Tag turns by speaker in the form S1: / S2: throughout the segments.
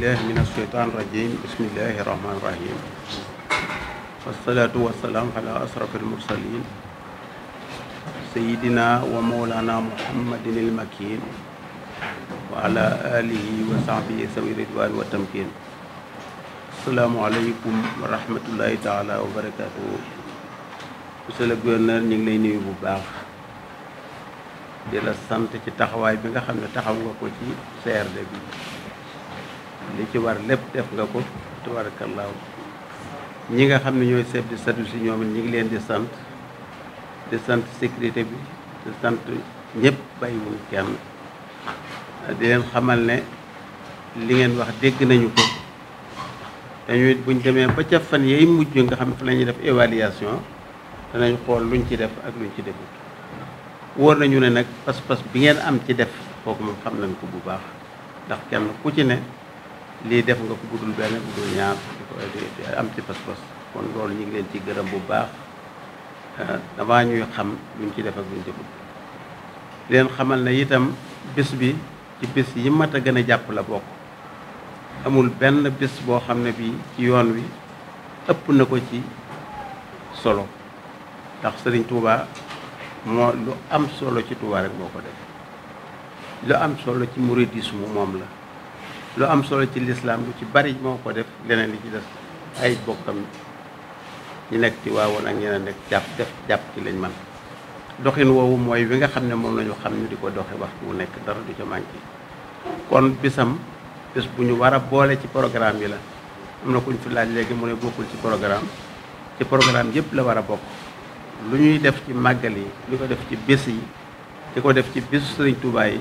S1: billahi min asheytaan rajim bismillahi rahmaani rahim wasalaatu wasalaam ala asraf almursalin sayidina wa mawlana muhammadin ilmakin wa ala alihi wa sahbihi sawi ridwaan wa tamkin asalaamu aleykum wa rahmatullahi taala wa barakatuhu monsieur le gouverneur ñu ngi lay nuyu bu baax di la sant ci taxawaay bi nga xam ne taxaw nga ko ci CRD bi li ci war lépp def nga ko tabaarakallaahu ñi nga xam ne ñooy chef de service si ñoom ñi ngi leen di sant di sant sécurité bi di sant ñëpp bàyyiwuñ kenn di leen xamal ne li ngeen wax dégg nañu ko dañuy buñ demee ba ca fan yey mujj nga xam ne fa la ñuy def évaluation danañ xool luñ ci def ak luñ ci defut wóor nañu ne nag pas-pas bi ngeen am ci def kooku moom xam nañ ko bu baax ndax kenn ku ci ne lii def nga ko guddul benn guddul ñaar di am ci pas-pas kon loolu ñu ngi leen ci gërëm bu baax damaa euh, ñuy xam luñ ci def ak luñ leen xamal ne itam bis bi ci bis yi mat a gën a jàpp la bokk amul benn bis boo xam ne bii ci yoon wi ëpp na ko ci solo ndax sëriñ Touba moo lu am solo ci Touba rek moo ko def lu am solo ci mouridisme moom la lu am solo ci lislaam lu ci bari moo ko def leneen li ci des ay bokkam ñu nekk ci waawoon ak a nekk jàpp jàpp ci lañ man doxin woowu mooy wi nga xam ne moom lañu xam ñu di ko doxe wax bu nekk dara du ca manqué kon bisam bés bu ñu war a boole ci programme yi la am na kuñ fi laaj léegi mu ne bokkul ci programme ci programme yëpp la war a bokk lu ñuy def ci màggal yi li ko def ci bés yi di ko def ci bésu Sëriñ Tuubaa yi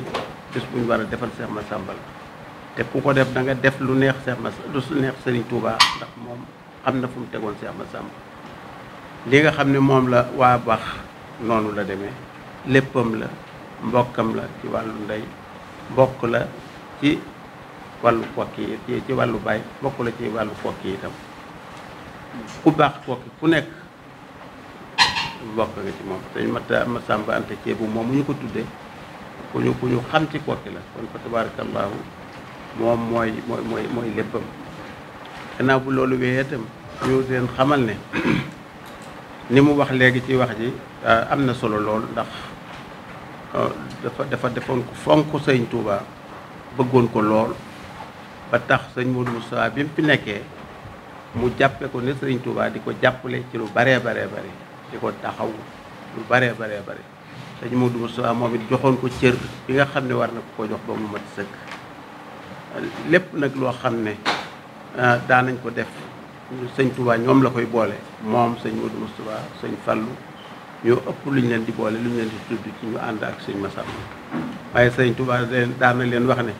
S1: bis bu ñu war defal Seex te ku ko def da nga def lu neex Cheikh Mass lu neex Serigne ndax moom xam na fu mu tegoon Cheikh Massamba li nga xam ne moom la waa baax noonu la demee léppam la mbokkam la ci wàllu ndey mbokk la ci wàllu kokki yi ci wàllu baay mbokk la ci wàllu kokki yi itam ku baax kokki ku nekk mbokk nga ci moom sëñ Mata Massamba Anta Ceebu moom mu ñu ko tuddee ku ñu ku ñu xam ci kokki la kon fa tabaarakallaahu moom mooy mooy mooy mooy léppam gannaaw bu loolu wéyee itam ñu seen xamal ne ni mu wax léegi ci wax ji euh, am na solo lool ndax euh, dafa dafa defoon ko fonk sëñ Touba bëggoon ko lool ba tax sëñ Modou Moussa bi mu nekkee mu jàppe ko ne sëñ Touba di ko jàppale ci lu baree baree bari di ko taxaw lu baree baree bari sëñ Modou Moussa moom it joxoon ko cër bi nga xam ne war na ko ko jox ba mu mat sëkk lépp nag loo xam ne ah, daanañ ko def sëñ Touba ñoom la koy boole moom sëñ Modou Moustapha sëñ Fallou ñoo ëpp lu ñu leen di boole lu ñu leen di tudd ci ñu ànd ak sëñ ma Massamba waaye sëñ Touba leen leen wax ne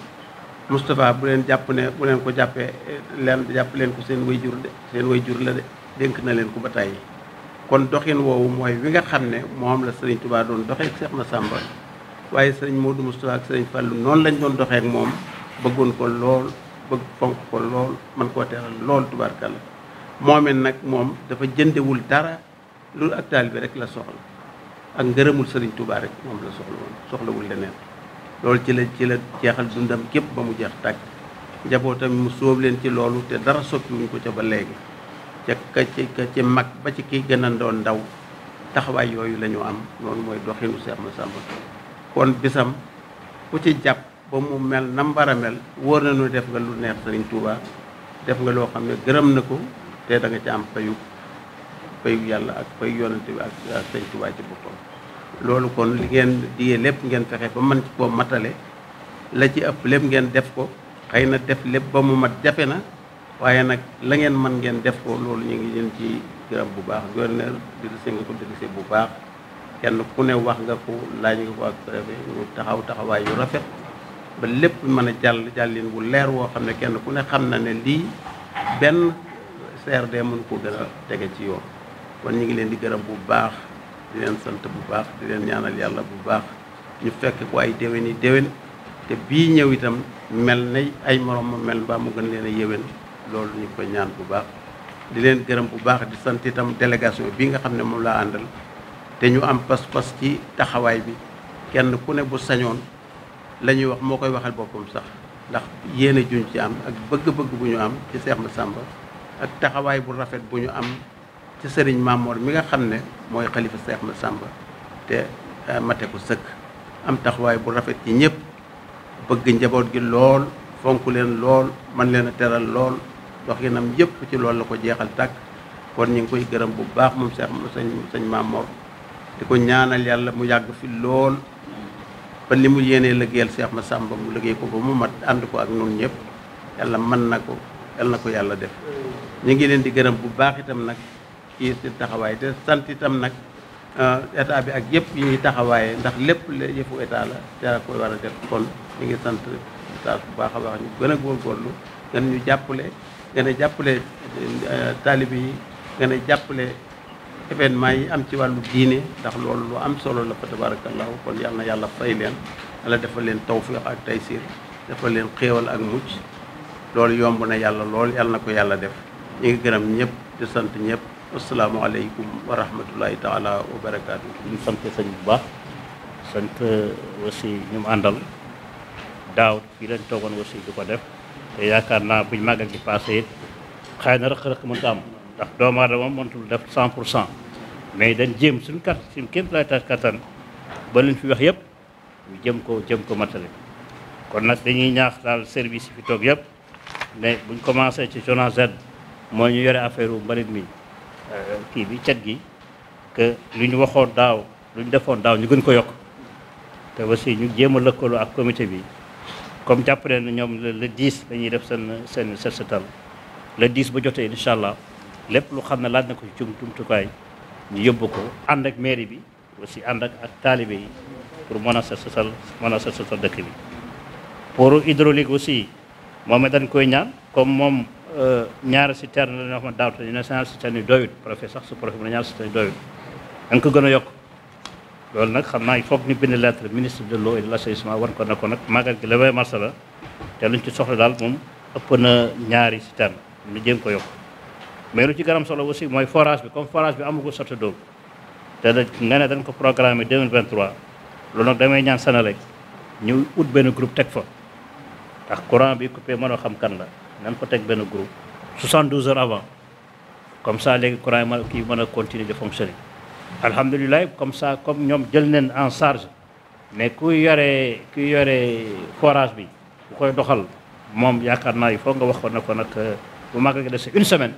S1: Moustapha bu leen jàpp ne bu leen ko jàppee leen jàpp leen ko seen way jur seen way jur la de na leen ko ba tey kon doxin woowu mooy wi nga xam ne moom la sëriñ Touba doon doxee ak Cheikh Massamba waaye sëriñ Modou Moustapha ak sëriñ noonu lañ doon doxee ak moom bëggoon ko lool bëgg fonk ko lool man koo teral lool tubaarkàlla moomit nag moom dafa jëndewul dara lu ak taal bi rek la soxla ak ngërëmul sëriñ tubaar rek moom la soxla soxlawul leneen loolu ci la ci la jeexal dundam képp ba mu jeex tàkk njabootam mu sóob leen ci loolu te dara soppiwuñ ko ca ba léegi ca ka ci ka ci mag ba ci ki gën a doon ndaw taxawaay yooyu lañu am loolu mooy doxinu Seex Masamba kon bisam ku ci jàpp ba mu mel nam wóor na def nga lu neex Sëriñ Tuuba def nga loo xam ne gërëm na ko da nga ci am payu yàlla ak payu yonent bi ak Sëriñ Tuuba ci boppam loolu kon li ngeen digee lépp ngeen fexe ba mën koo matale la ci ëpp lépp ngeen def ko xëy na def lépp ba mu mat jafe na waaye nag la ngeen mën ngeen def ko loolu ñu ngi leen ci gërëm bu baax gouverneur dirisé nga ko dirisé bu baax kenn ku ne wax nga ko laaj nga ko ak préfet taxaw taxawaay yu rafet ba lépp mën a jàll jàllin wu leer woo xam ne kenn ku ne xam na ne lii benn CRD mënu ko gën a tege ci yoon kon ñu ngi leen di gërëm bu baax di leen sant bu baax di leen ñaanal yàlla bu baax ñu fekk ko ay déwén yi déwén te bii ñëw itam mel na ay moroom mel ba mu gën leen a yéwén loolu ñu ko ñaan bu baax di leen gërëm bu baax di sant itam délégation bii nga xam ne moom laa àndal te ñu am pas-pas ci taxawaay bi kenn ku ne bu sañoon la ñuy wax moo koy waxal boppam sax ndax yéene juñ ci am ak bëgg-bëgg bu ñu am ci Seex sàmba ak taxawaay bu rafet bu ñu am ci sëriñ Maamoor mi nga xam ne mooy xalifa Seex sàmba te euh, mate ko sëkk am taxawaay bu rafet ci ñëpp bëgg njaboot gi lool fonk leen lool man leen a teral lool doxinam yëpp ci loolu la ko jeexal tàkk kon ñu ngi koy gërëm bu baax moom Seex sëñ sëñ Maamoor di ko ñaanal yàlla mu yàgg fi lool ba li mu yéenee seex Cheikh Massamba mu liggéey ko ba mu mat ànd ko ak ñun ñëpp yàlla mën na ko yàlla na ko yàlla def ñu ngi leen di gërëm bu baax itam nag ci taxawaay te sant itam nag euh, état bi ak yëpp yi taxawaaye ndax lépp la yëfu état la a def kon ñu sant état bu baax a baax ñu gën a góorgóorlu gën ñu jàppale gën a jàppale euh, taalibe yi gën a jàppale événement yi am ci wàllu diine ndax loolu lu am solo la fa tabarakallahu kon yàlla na yàlla fay leen yàlla defal leen tawfiq ak taysir defal leen xéewal ak mucc loolu yomb na yàlla lool yàlla na ko yàlla def ñu ngi gërëm ñëpp di sant ñëpp asalaamualeykum wa rahmatullahi taala wa barakaatu ñu sant sëñ bu baax sant euh, aussi ñu mu àndal daaw fii lañ toogoon
S2: aussi di ko def te yaakaar naa buñ màggal gi passé it xëy na rëq-rëq mënta am ndax doomu aadama mënatul def cent pour cent mais dañ jéem suñu kat suñu kéem lay tas kattan ba luñ fi wax yëpp ñu jëm ko jëm ko matale kon nag dañuy ñaax daal service yi fi toog yëpp ne buñ commencé ci SONAGED moo ñu yore affaire u mbalit mi euh, kii bi cet gi que lu ñu waxoon daaw lu ñu defoon daaw ñu gën ko yokk te aussi ñu jéem a lëkkaloo ak comité bi comme jàpp ne ñoom le 10 lañuy def seen seen set setal ba jotee incha lépp lu xam ne laaj na ko ci jumtukaay ñu yóbbu ko ànd ak mairie bi aussi ànd ak ak taalibe yi pour mën a sa sosal mën a sa sosal dëkk bi pour hydraulique aussi moom it dañ koy ñaan comme moom euh, ñaari citerne la ñoo xam ne daaw te ñu ne ñaari citerne yi doyut préfet sax su préfet mu ne ñaari citerne yi doyut dañ ko gën a yokk loolu nag xam naa il faut ñu bind lettre ministre de l'eau et de l'assainissement war ko na ko nag magal gi le 20 mars la te luñ ci soxla daal moom ëpp na ñaari citerne ñu jéem ko yokk mais lu ci garam solo aussi mooy forage bi comme forage bi amagul sotti d'eau te nga ne dañ ko programme 2023 loolu nag damay ñaan Senelec ñu ut benn groupe teg fa ndax courant bi coupé mënoo xam kan la nan ko teg benn groupe 72 heures avant comme sa léegi courant yi mën kii mën a continuer de fonctionner alhamdulilah comme ça comme ñoom jël neen en charge mais kuy yore ku yore forage bi bu koy doxal moom yaakaar naa il foog nga wax ko ne ko nag euh, bu mag rek def si une semaine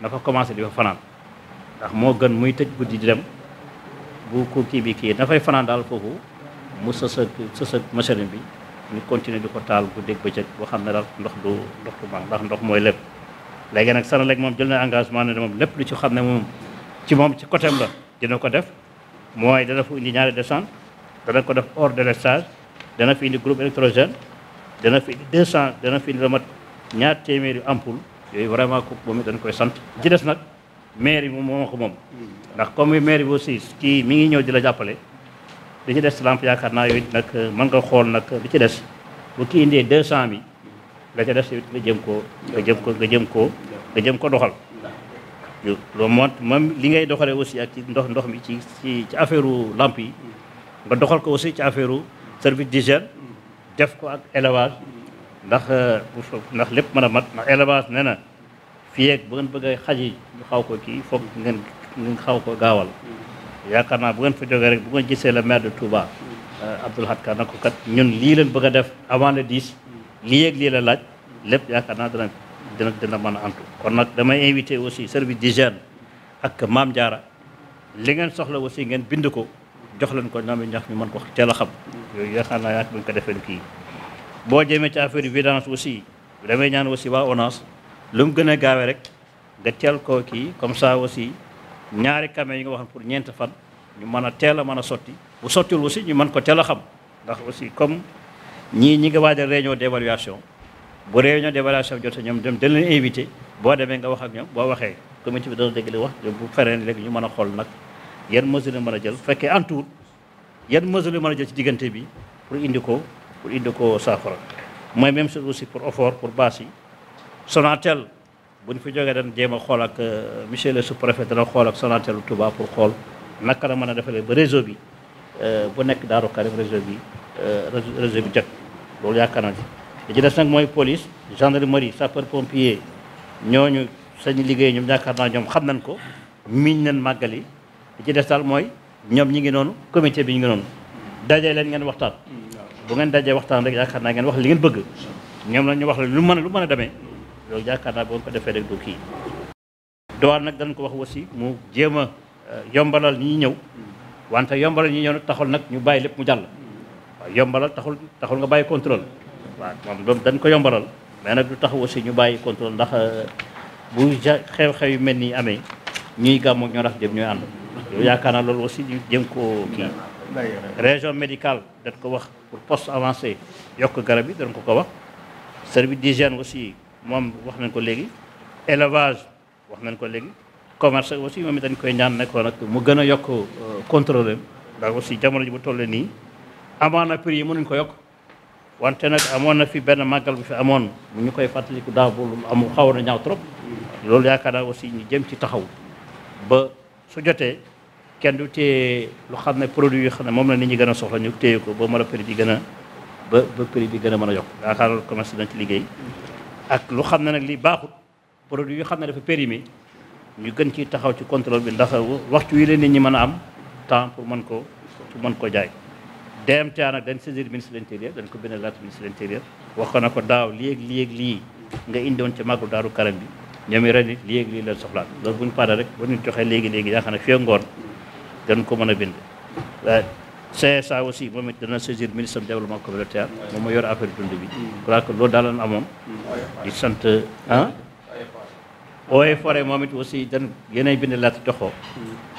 S2: na fa commencé di fa fanaan ndax moo gën muy tëj guddi di dem bu ko kii bi kii dafay fanaan daal foofu mu sësëg sësëg machine bi ñu continuer di ko taal guddeeg bëccëg boo xam ne daal ndox du ndox du man ndax ndox mooy lépp léegi nag Senelec moom jël na engagement ne moom lépp lu ci xam ne moom ci moom ci côté la dina ko def mooy dana fa indi ñaari descente dana ko def hors délestage dana fi indi groupe électrogène dana fi indi 200 dana fi indi ñaar téeméeri ampoule yooyu vraiment kooku moom it dañ koy sant ji des nag mairie moom moo ko moom ndax comme mairie bi aussi kii mi ngi ñëw di la jàppale li ci des lamp yaakaar naa yooyu nag euh, mën nga xool nag li ci des bu kii indee deux cent mille la ca des it nga jëm koo nga jëm ko nga jëm koo nga jëm ko doxal loolu moo moom li ngay doxalee aussi ak ndox ndox mi ci ci ci affaire u lamp yi nga doxal ko aussi ci affaire u service d'hygiène def ko ak élevage ndax euh, ndax lépp mën a mat ndax élevage nee na fii ak bu ngeen bëgg a xaj yi xaw ko kii foog ngeen ngeen xaw ko gaawal yaakaar naa bu ngeen fa jógee rek bu ngeen gisee le maire de Touba euh, Abdoul Ahad Ka na ko kat ñun lii leen bëgg a def avant le 10 lii ak lii la laaj lépp yaakaar naa dana dina dina mën a antu kon nag damay invité aussi service d'hygiène ak Maam Jaara li ngeen soxla aussi ngeen bind ko jox leen ko ñoom ñax mi man ko teel a xam yooyu yaakaar naa yaak bu ko defeen kii boo jëmee ci affaire vidange aussi damay ñaan aussi waa ONAS lu mu gën a rek nga teel koo kii comme ça aussi ñaari camion yi nga wax pour ñeenti fan ñu mën a teel a mën a sotti bu sottiwul aussi ñu mën ko teel a xam ndax aussi comme ñii ñi nga waajal réunion d'évaluation bu réunion d'évaluation bi jotee ñoom dem dañ leen boo demee nga wax ak ñoom boo waxee comité bi dana dégg li wax bu fereen léegi ñu mën a xool nag yan mesure la mën a jël fekkee en tout yan mesure la mën a jël ci diggante bi pour indi ko pour indi ko saafara mooy même chose aussi pour effort pour baas Sonatel bu ñu fi jógee dañ jéem a xool ak euh, monsieur le sous-préfet dana xoolak ak Sonatel Touba pour xool naka la mën a defalee ba réseau bi euh, bu nekk daaro Karim réseau bi euh, réseau bi jot loolu yaakaar naa li ci des nag mooy police gendarmerie sapeur pompier ñooñu sañu liggéey ñoom yaakaar naa xam nañ ko miñ nañ màggal yi li ci des daal mooy ñoom ñi noonu comité bi ñu ngi noonu dajee leen ngeen waxtaan bu ngeen dajee waxtaan rek yaakaar naa ngeen wax li ngeen bëgg ñoom la ñu wax lu mën a lu mën a demee loolu yaakaar naa bu ngeen ko defee de du kii dowaar nag dañ ko wax aussi mu jéem a euh, yombalal ñi ñëw wante yombalal ñi ñëw nag taxul nag ñu bàyyi lépp mu jàll yombalal taxul taxul nga bàyyi contrôle waaw moom loolu dañ ko yombalal mais nag du taxaw aussi ñu bàyyi contrôle ndax euh, bu xew-xew yu mel nii amee ñuy gàmmoog ñoo tax jëm ñooy ànd yow yaakaar naa loolu aussi ñu région médicale dañ ko wax pour poste avancé yokk garab yi dañ ko ko wax service d'hygiène aussi moom wax nañ ko léegi élevage wax nañ ko léegi commerce aussi moom dañ koy ñaan nekkoon nag mu gën a yokk euh, contrôle ndax aussi jamono ji bu toll nii amaana prix yi mënuñ ko yokk wante nag amoon na fi benn màggal bu fi amoon mu ñu koy fàttaliku daaw bu am xawoon na ñaaw trop loolu yaakaar naa aussi ñu jëm ci taxaw ba su kenn du téye lu xam ne produit yoo xam ne moom la nit ñi gën a soxla ñu téye ko ba mën a prix bi gën a ba ba prix bi gën a mën a yokk yaakaar loolu commerce dañ ci liggéey ak lu xam ne nag lii baaxut produit yoo xam ne dafa mi ñu gën ci taxaw ci contrôle bi ndax wax waxtu wi leen nit ñi mën a am temps pour mën ko pour mën ko jaay DMTA nag dañ saisir ministre de dañ ko bindal laata ministre de l'intérieur wax ko na ko daaw léeg léeg lii nga indoon ci màggu daaru karam bi ñoom i ren it léeg lii leen soxlaat rek bu ñu joxee léegi-léegi yaakaar ne fii ngoon gën ko mën a bind CSA aussi moom it dana saisir ministre développement communautaire moom ma yor affaire dund bi crois que loo daalan amoon di sant ah ooye forêt moom it aussi dan yéenay bind laata joxoo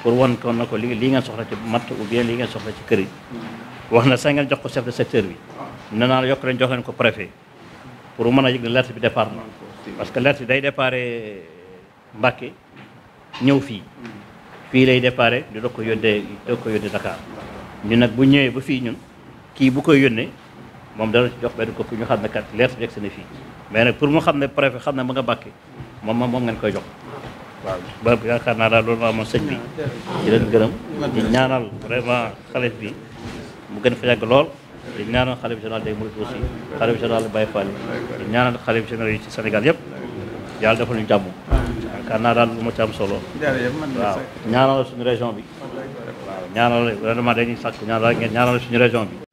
S2: pour wan ko na ko li lii ngeen soxla ci matt ou bien lii ngeen soxla ci kër yi wax na sa ngeen jox ko chef de secteur bi ne naa yokk leen jox ko préfet pour mën a yëg ne lettre bi départ na parce que lettre day départ Mbàkke ñëw fii fii lay déparé di doog ko yónnee doog ko yónnee Dakar ñun nag bu ñëwee ba fii ñun kii bu koy yónnee moom dana jox benn copie ñu xam ne kat leer si yegsi na fii mais nag pour mu xam ne préfet xam ne ma nga bàkke moom moom ngeen koy jox waaw ba yaakaar naa daal loolu maa moom sëñ bi di leen gërëm di ñaanal vraiment xale bi mu gën fa yàgg lool di ñaanal xalif général day murit aussi xalif général Baye Fall di ñaanal xalif général yi ci Sénégal yëpp yàlla defal ñu jàmm yaakaar naa daal lu ma ci am solo waaw ñaanal suñu région bi waaw ñaanal vraiment dañuy sàkk ñaanal ngeen ñaanal suñu région bi